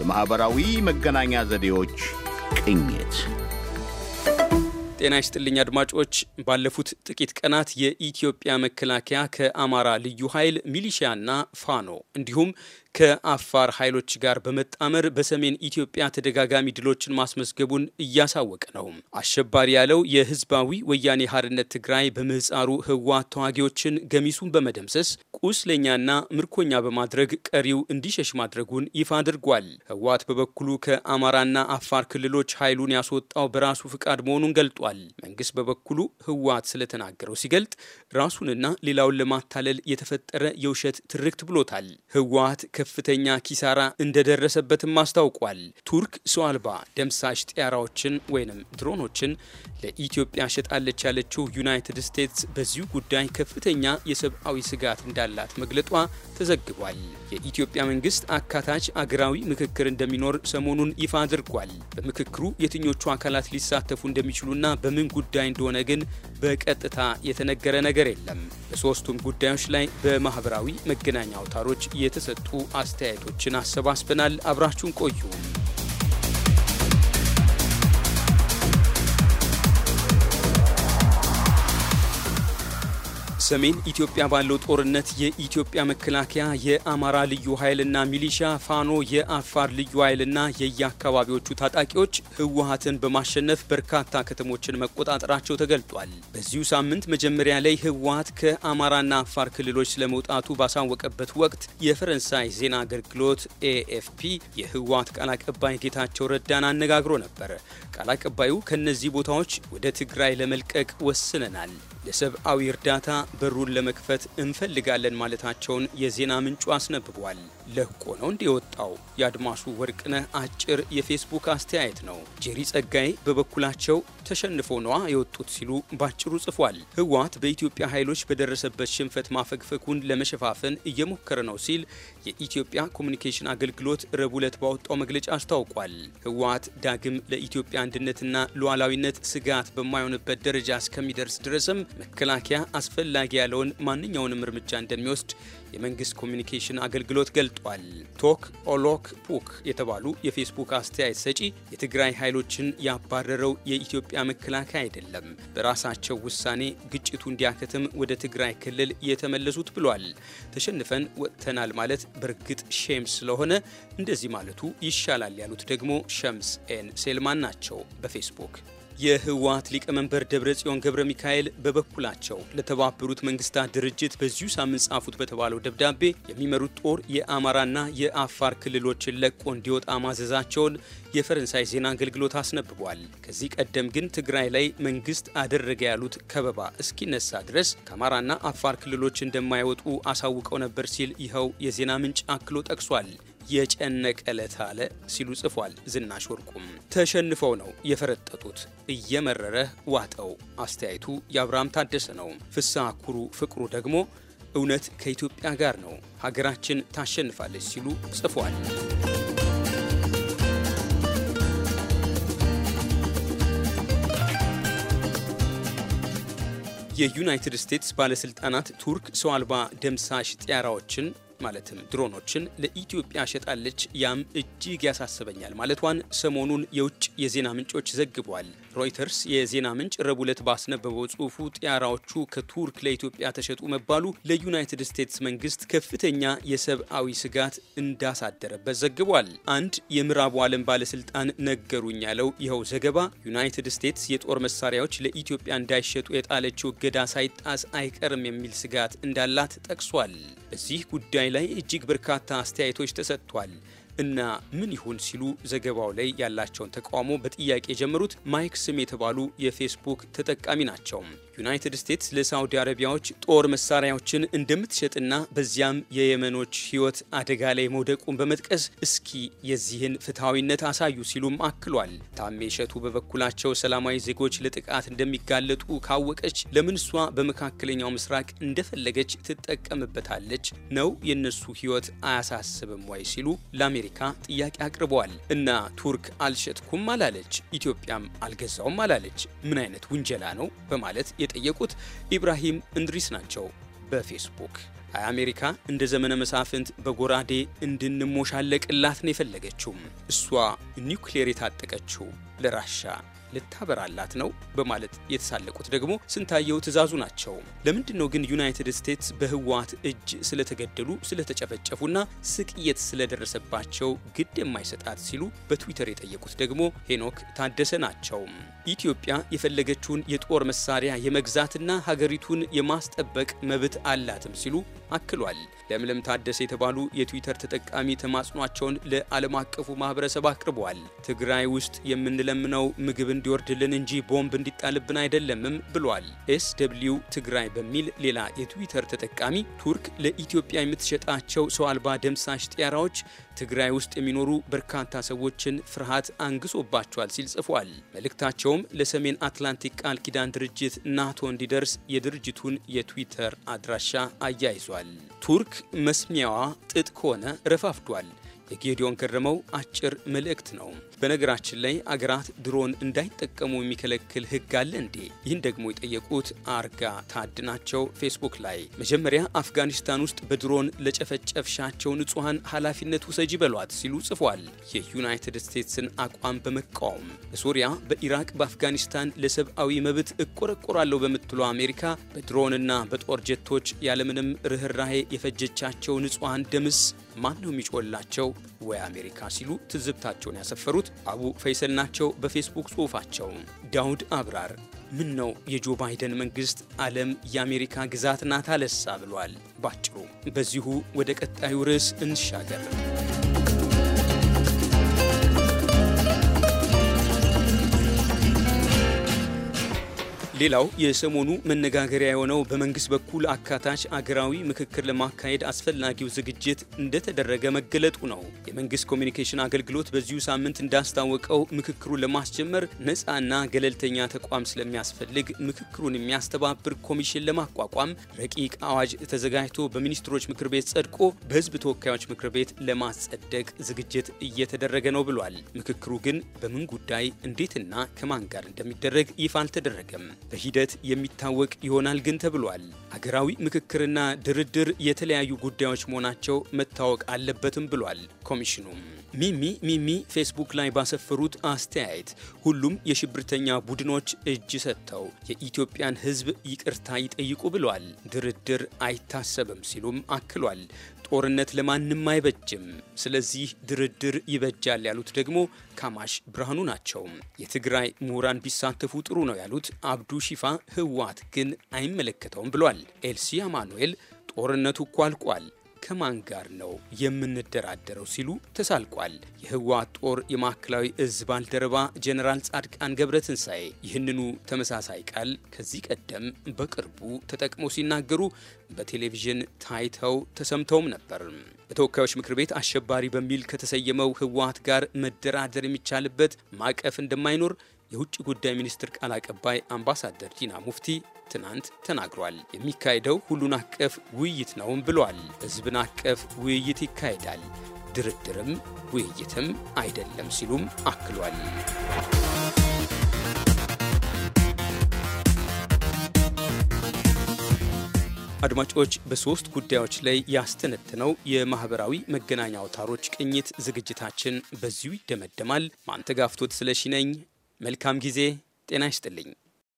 የማኅበራዊ መገናኛ ዘዴዎች ቅኝት። ጤና ይስጥልኝ አድማጮች። ባለፉት ጥቂት ቀናት የኢትዮጵያ መከላከያ ከአማራ ልዩ ኃይል ሚሊሺያና ፋኖ እንዲሁም ከአፋር ኃይሎች ጋር በመጣመር በሰሜን ኢትዮጵያ ተደጋጋሚ ድሎችን ማስመዝገቡን እያሳወቀ ነው። አሸባሪ ያለው የህዝባዊ ወያኔ ሀርነት ትግራይ በምህፃሩ ህወሓት ተዋጊዎችን ገሚሱን በመደምሰስ ቁስለኛና ምርኮኛ በማድረግ ቀሪው እንዲሸሽ ማድረጉን ይፋ አድርጓል። ህወሓት በበኩሉ ከአማራና አፋር ክልሎች ኃይሉን ያስወጣው በራሱ ፍቃድ መሆኑን ገልጧል። መንግስት በበኩሉ ህወሓት ስለተናገረው ሲገልጥ ራሱንና ሌላውን ለማታለል የተፈጠረ የውሸት ትርክት ብሎታል። ህወሓት ከፍተኛ ኪሳራ እንደደረሰበትም አስታውቋል። ቱርክ ሰው አልባ ደምሳሽ ጥያራዎችን ወይንም ድሮኖችን ለኢትዮጵያ ሸጣለች ያለችው ዩናይትድ ስቴትስ በዚሁ ጉዳይ ከፍተኛ የሰብአዊ ስጋት እንዳለ እንዳላት መግለጧ ተዘግቧል። የኢትዮጵያ መንግስት አካታች አገራዊ ምክክር እንደሚኖር ሰሞኑን ይፋ አድርጓል። በምክክሩ የትኞቹ አካላት ሊሳተፉ እንደሚችሉና በምን ጉዳይ እንደሆነ ግን በቀጥታ የተነገረ ነገር የለም። በሦስቱም ጉዳዮች ላይ በማኅበራዊ መገናኛ አውታሮች የተሰጡ አስተያየቶችን አሰባስበናል። አብራችሁን ቆዩ። ሰሜን ኢትዮጵያ ባለው ጦርነት የኢትዮጵያ መከላከያ፣ የአማራ ልዩ ኃይልና ሚሊሻ፣ ፋኖ፣ የአፋር ልዩ ኃይልና የየአካባቢዎቹ ታጣቂዎች ህወሀትን በማሸነፍ በርካታ ከተሞችን መቆጣጠራቸው ተገልጧል። በዚሁ ሳምንት መጀመሪያ ላይ ህወሀት ከአማራና አፋር ክልሎች ስለመውጣቱ ባሳወቀበት ወቅት የፈረንሳይ ዜና አገልግሎት ኤኤፍፒ የህወሀት ቃል አቀባይ ጌታቸው ረዳን አነጋግሮ ነበር። ቃል አቀባዩ ከእነዚህ ቦታዎች ወደ ትግራይ ለመልቀቅ ወስነናል ለሰብአዊ እርዳታ በሩን ለመክፈት እንፈልጋለን ማለታቸውን የዜና ምንጩ አስነብቧል። ለቆ ነው እንደ የወጣው የአድማሱ ወርቅነህ አጭር የፌስቡክ አስተያየት ነው። ጄሪ ጸጋይ በበኩላቸው ተሸንፎ ነዋ የወጡት ሲሉ ባጭሩ ጽፏል። ህወሓት በኢትዮጵያ ኃይሎች በደረሰበት ሽንፈት ማፈግፈጉን ለመሸፋፈን እየሞከረ ነው ሲል የኢትዮጵያ ኮሚኒኬሽን አገልግሎት ረቡዕ ዕለት ባወጣው መግለጫ አስታውቋል። ህወሓት ዳግም ለኢትዮጵያ አንድነትና ሉዓላዊነት ስጋት በማይሆንበት ደረጃ እስከሚደርስ ድረስም መከላከያ አስፈላጊ ያለውን ማንኛውንም እርምጃ እንደሚወስድ የመንግስት ኮሚኒኬሽን አገልግሎት ገልጧል። ቶክ ኦሎክ ፑክ የተባሉ የፌስቡክ አስተያየት ሰጪ የትግራይ ኃይሎችን ያባረረው የኢትዮጵያ መከላከያ አይደለም፣ በራሳቸው ውሳኔ ግጭቱ እንዲያከትም ወደ ትግራይ ክልል የተመለሱት ብሏል። ተሸንፈን ወጥተናል ማለት በእርግጥ ሼም ስለሆነ እንደዚህ ማለቱ ይሻላል ያሉት ደግሞ ሸምስ ኤን ሴልማን ናቸው በፌስቡክ የህወሓት ሊቀመንበር ደብረጽዮን ገብረ ሚካኤል በበኩላቸው ለተባበሩት መንግስታት ድርጅት በዚሁ ሳምንት ጻፉት በተባለው ደብዳቤ የሚመሩት ጦር የአማራና የአፋር ክልሎችን ለቆ እንዲወጣ ማዘዛቸውን የፈረንሳይ ዜና አገልግሎት አስነብቧል። ከዚህ ቀደም ግን ትግራይ ላይ መንግስት አደረገ ያሉት ከበባ እስኪነሳ ድረስ ከአማራና አፋር ክልሎች እንደማይወጡ አሳውቀው ነበር ሲል ይኸው የዜና ምንጭ አክሎ ጠቅሷል። የጨነቀ ዕለት አለ ሲሉ ጽፏል ዝናሽ ወርቁም። ተሸንፈው ነው የፈረጠጡት እየመረረ ዋጠው። አስተያየቱ የአብርሃም ታደሰ ነው። ፍስሐ ኩሩ ፍቅሩ ደግሞ እውነት ከኢትዮጵያ ጋር ነው፣ ሀገራችን ታሸንፋለች ሲሉ ጽፏል። የዩናይትድ ስቴትስ ባለሥልጣናት ቱርክ ሰው አልባ ደምሳሽ ጥያራዎችን ማለትም ድሮኖችን ለኢትዮጵያ ሸጣለች። ያም እጅግ ያሳስበኛል ማለቷን ሰሞኑን የውጭ የዜና ምንጮች ዘግበዋል። ሮይተርስ የዜና ምንጭ ረቡዕ ዕለት ባስነበበው ጽሑፉ ጥያራዎቹ ከቱርክ ለኢትዮጵያ ተሸጡ መባሉ ለዩናይትድ ስቴትስ መንግስት ከፍተኛ የሰብአዊ ስጋት እንዳሳደረበት ዘግቧል። አንድ የምዕራቡ ዓለም ባለስልጣን ነገሩኝ ያለው ይኸው ዘገባ ዩናይትድ ስቴትስ የጦር መሳሪያዎች ለኢትዮጵያ እንዳይሸጡ የጣለችው እገዳ ሳይጣስ አይቀርም የሚል ስጋት እንዳላት ጠቅሷል። በዚህ ጉዳይ ላይ እጅግ በርካታ አስተያየቶች ተሰጥቷል እና ምን ይሁን ሲሉ ዘገባው ላይ ያላቸውን ተቃውሞ በጥያቄ የጀመሩት ማይክ ስም የተባሉ የፌስቡክ ተጠቃሚ ናቸው። ዩናይትድ ስቴትስ ለሳውዲ አረቢያዎች ጦር መሳሪያዎችን እንደምትሸጥና በዚያም የየመኖች ሕይወት አደጋ ላይ መውደቁን በመጥቀስ እስኪ የዚህን ፍትሐዊነት አሳዩ ሲሉም አክሏል። ታሜ ሸቱ በበኩላቸው ሰላማዊ ዜጎች ለጥቃት እንደሚጋለጡ ካወቀች ለምን እሷ በመካከለኛው ምስራቅ እንደፈለገች ትጠቀምበታለች? ነው የእነሱ ሕይወት አያሳስብም ወይ ሲሉ ለአሜሪካ ጥያቄ አቅርበዋል። እና ቱርክ አልሸጥኩም አላለች፣ ኢትዮጵያም አልገዛውም አላለች። ምን አይነት ውንጀላ ነው? በማለት የጠየቁት ኢብራሂም እንድሪስ ናቸው። በፌስቡክ አይ አሜሪካ እንደ ዘመነ መሳፍንት በጎራዴ እንድንሞሻለቅላት ነው የፈለገችው። እሷ ኒውክሌር የታጠቀችው ለራሻ ልታበራላት ነው በማለት የተሳለቁት ደግሞ ስንታየው ትእዛዙ ናቸው። ለምንድን ነው ግን ዩናይትድ ስቴትስ በህወሓት እጅ ስለተገደሉ ስለተጨፈጨፉና ስቅየት ስለደረሰባቸው ግድ የማይሰጣት ሲሉ በትዊተር የጠየቁት ደግሞ ሄኖክ ታደሰ ናቸው። ኢትዮጵያ የፈለገችውን የጦር መሳሪያ የመግዛትና ሀገሪቱን የማስጠበቅ መብት አላትም ሲሉ አክሏል። ለምለም ታደሰ የተባሉ የትዊተር ተጠቃሚ ተማጽኗቸውን ለዓለም አቀፉ ማህበረሰብ አቅርበዋል። ትግራይ ውስጥ የምንለምነው ምግብ እንዲወርድልን እንጂ ቦምብ እንዲጣልብን አይደለምም ብሏል። ኤስ ደብሊው ትግራይ በሚል ሌላ የትዊተር ተጠቃሚ ቱርክ ለኢትዮጵያ የምትሸጣቸው ሰው አልባ ደምሳሽ ጥያራዎች ትግራይ ውስጥ የሚኖሩ በርካታ ሰዎችን ፍርሃት አንግሶባቸዋል ሲል ጽፏል። መልእክታቸውም ለሰሜን አትላንቲክ ቃል ኪዳን ድርጅት ናቶ እንዲደርስ የድርጅቱን የትዊተር አድራሻ አያይዟል። ቱርክ መስሚያዋ ጥጥ ከሆነ ረፋፍዷል። የጌዲዮን ከረመው አጭር መልእክት ነው። በነገራችን ላይ አገራት ድሮን እንዳይጠቀሙ የሚከለክል ሕግ አለ እንዴ? ይህን ደግሞ የጠየቁት አርጋ ታድ ናቸው። ፌስቡክ ላይ መጀመሪያ አፍጋኒስታን ውስጥ በድሮን ለጨፈጨፍሻቸው ንጹሐን ኃላፊነት ውሰጂ በሏት ሲሉ ጽፏል። የዩናይትድ ስቴትስን አቋም በመቃወም በሱሪያ፣ በኢራቅ፣ በአፍጋኒስታን ለሰብአዊ መብት እቆረቆራለሁ በምትለው አሜሪካ በድሮንና በጦር ጀቶች ያለምንም ርኅራሄ የፈጀቻቸው ንጹሐን ደምስ ማን ነው የሚጮላቸው ወይ አሜሪካ ሲሉ ትዝብታቸውን ያሰፈሩት አቡ ፈይሰል ናቸው። በፌስቡክ ጽሑፋቸው ዳውድ አብራር ምን ነው የጆ ባይደን መንግስት ዓለም የአሜሪካ ግዛት ናት አለሳ ብሏል። ባጭሩ በዚሁ ወደ ቀጣዩ ርዕስ እንሻገር። ሌላው የሰሞኑ መነጋገሪያ የሆነው በመንግስት በኩል አካታች አገራዊ ምክክር ለማካሄድ አስፈላጊው ዝግጅት እንደተደረገ መገለጡ ነው። የመንግስት ኮሚኒኬሽን አገልግሎት በዚሁ ሳምንት እንዳስታወቀው ምክክሩን ለማስጀመር ነፃና ገለልተኛ ተቋም ስለሚያስፈልግ ምክክሩን የሚያስተባብር ኮሚሽን ለማቋቋም ረቂቅ አዋጅ ተዘጋጅቶ በሚኒስትሮች ምክር ቤት ጸድቆ በህዝብ ተወካዮች ምክር ቤት ለማጸደቅ ዝግጅት እየተደረገ ነው ብሏል። ምክክሩ ግን በምን ጉዳይ እንዴትና ከማን ጋር እንደሚደረግ ይፋ አልተደረገም። በሂደት የሚታወቅ ይሆናል ግን ተብሏል። አገራዊ ምክክርና ድርድር የተለያዩ ጉዳዮች መሆናቸው መታወቅ አለበትም ብሏል ኮሚሽኑም። ሚሚ ሚሚ ፌስቡክ ላይ ባሰፈሩት አስተያየት ሁሉም የሽብርተኛ ቡድኖች እጅ ሰጥተው የኢትዮጵያን ሕዝብ ይቅርታ ይጠይቁ ብሏል። ድርድር አይታሰብም ሲሉም አክሏል። ጦርነት ለማንም አይበጅም፣ ስለዚህ ድርድር ይበጃል ያሉት ደግሞ ካማሽ ብርሃኑ ናቸው። የትግራይ ምሁራን ቢሳተፉ ጥሩ ነው ያሉት አብዱ ሺፋ ህወሓት ግን አይመለከተውም ብሏል። ኤልሲ አማኑኤል ጦርነቱ እኮ አልቋል ከማን ጋር ነው የምንደራደረው ሲሉ ተሳልቋል። የህወሓት ጦር የማዕከላዊ እዝ ባልደረባ ጀኔራል ጻድቃን ገብረ ትንሣኤ ይህንኑ ተመሳሳይ ቃል ከዚህ ቀደም በቅርቡ ተጠቅመው ሲናገሩ በቴሌቪዥን ታይተው ተሰምተውም ነበር። በተወካዮች ምክር ቤት አሸባሪ በሚል ከተሰየመው ህወሓት ጋር መደራደር የሚቻልበት ማዕቀፍ እንደማይኖር የውጭ ጉዳይ ሚኒስትር ቃል አቀባይ አምባሳደር ዲና ሙፍቲ ትናንት ተናግሯል። የሚካሄደው ሁሉን አቀፍ ውይይት ነውም ብሏል። ህዝብን አቀፍ ውይይት ይካሄዳል፣ ድርድርም ውይይትም አይደለም ሲሉም አክሏል። አድማጮች በሶስት ጉዳዮች ላይ ያስተነትነው የማህበራዊ መገናኛ አውታሮች ቅኝት ዝግጅታችን በዚሁ ይደመደማል። ማንተጋፍቶት ስለሺ ነኝ። መልካም ጊዜ። ጤና ይስጥልኝ።